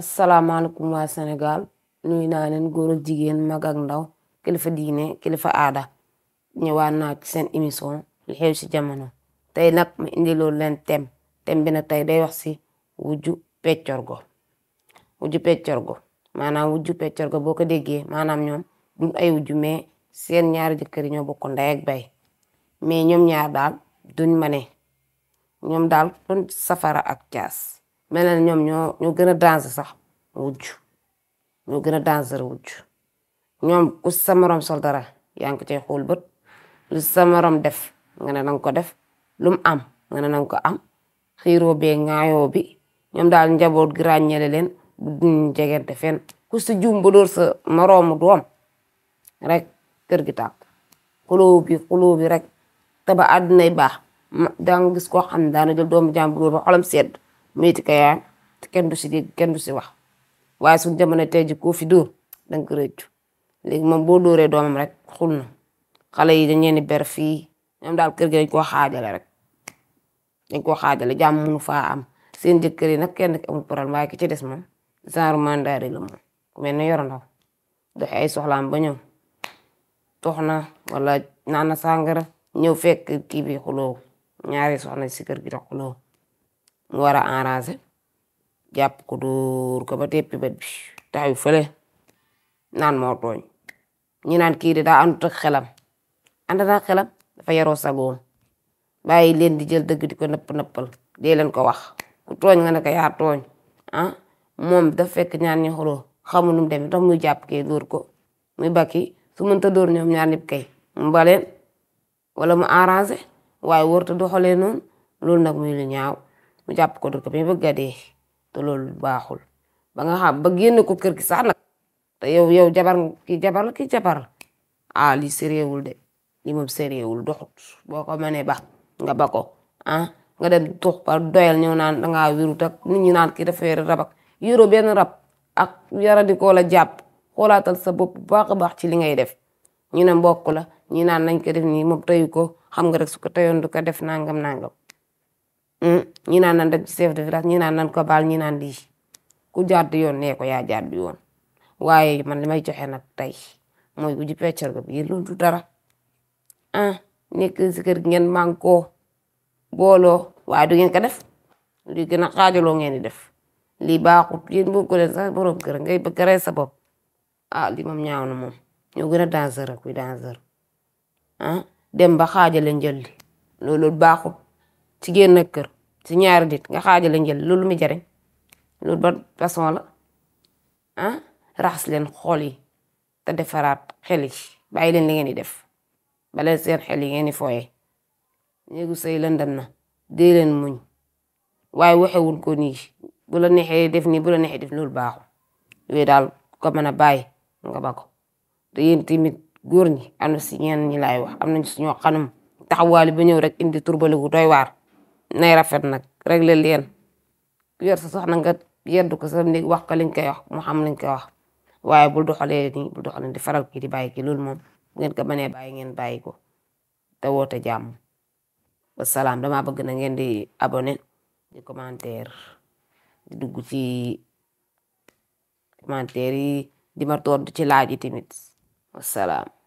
asalaamaaleykum wa Sénégal nuyu naa leen góor ak jigéen mag ak ndaw kilifa diine kilifa aada ñëwaat naa ci seen émission li xew ci jamono tey nag ma indi loolu leen thème thème bi nag tey day wax ci wujju peccorgo wujju peccorgo maanaam wujju peccorgo boo ko déggee maanaam ñoom duñ ay wujju mais seen ñaari jëkkër yi ñoo bokk ndey ak bay mais ñoom ñaar daal duñ ma ñoom daal doon safara ak caas mel na ñoom ñoo gën a danger sax wujj ñoo gën a danger wujj ñoom ku sa moroom sol dara yaa ngi ko cay xool bët lu sa moroom def nga ne nanga ko def lu mu am nga ne nanga ko am xiiroo bee ŋaayoo bi ñoom daal njaboot gi ràññale leen bu duñ jegante fenn ku si juum ba dóor sa moroomu doom rek kër gi tàkk xuloo bi xuloo bi rek te ba yi baax da nga gis koo xam ne daana jël doomu jàmbur ba xolam sedd nuy tikeyaa te kenn du si dégg kenn du si wax waaye suñ jamono tey ji koo fi dóor danga ko rëccu léegi moom boo dooree doomam rek xul na xale yi dañ leen di ber fii ñoom daal kër gi dañ koo xaajale rek dañ koo xaajale jàmm mënu faa am seen jëkkër yi nag kenn ki amul problème waaye ki ci des man genre mandat la moom ku mel ne yor ndaw doxe ay soxlaam ba ñëw tox na wala naan na sàngara ñëw fekk kii bi ñaari soxna si kër gi tax mu war a arrangé jàpp ko dóor ko ba teppi bët bi taxaw fële naan moo tooñ ñu naan kii de daa àndut ak xelam ànd naa xelam dafa yaroo sagoom bàyyi leen di jël dëgg di ko nëpp nëppal dee leen ko wax ku tooñ nga ne ko yaa tooñ ah moom daf fekk ñaan ñu xuloo xamul nu mu tax muy jàpp kee dóor ko muy bakki su mënta door ñoom ñaar ñëpp kay mu baleen mu arrangé waaye warut a loolu nag muy lu ñaaw. mu jàpp ko dër ko ba bëgg a dee baaxul ba nga xam ba génn ko kër gi sax nag te yow yow jabar ki jabar la ki jabar la ah lii sériewul de lii moom sériewul doxut boo ko mënee ba nga ba ko ah nga dem tux par doyal ñëw naan dangaa wirut ak nit ñi naan kii def yore rab ak benn rab ak yara di ko la jàpp xoolaatal sa bopp bu baax a baax ci li ngay def ñu ne mbokk la ñi naan nañ ko def nii moom teyu ko xam nga rek su ko teyoon du ko def nangam nangam Hmm, ñi naan nan daj chef de village ñi naan nan ko baal ñi naan lii ku jàdd yoon nee ko yaa jàdd yoon waaye man li may joxe nag tey mooy uji peccar ga bi yéen loolu du dara ah nekk si kër gi ngeen mànkoo booloo waaye du ngeen ko def li gën a xaajaloo ngeen di def lii baaxut yéen bëgg ko leen sax borom kër ngay bëgg rey sa bopp a ah, lii moom ñaaw na moom ñoo gën a danseur ak kuy danseur ah dem ba xaajale njël li loolu baaxut ci génn ak kër ci ñaari nit nga xaajale njël loolu mu jariñ ba pason la ah raxas leen xool yi te defaraat xel bàyyi leen li ngeen di def bale seen xel yi ngeen di fooye néegu sëy lëndam na dee leen muñ waaye waxewul ko nii bu la neexee def nii bu la neexee def loolu baaxul yooyu daal ko mën a bàyyi nga ba ko te yéen góor ñi am na si ñenn ñi laay wax am nañ si ñoo xanum taxawaali ba ñëw rek indi turbale gu doy waar nay rafet nag régler leen ku yor sa soxna nga yeddu ko sa néeg wax ko liñ koy wax mu xam liñ koy wax waaye bul doxalee nii bul doxalee di faral kii di bàyyi kii loolu moom bu ngeen ko mënee bàyyi ngeen bàyyi ko te woote jàmm wa salaam damaa bëgg na ngeen di abonné di commentaire di dugg ci commentaire yi di ma tontu ci laaj yi tamit wa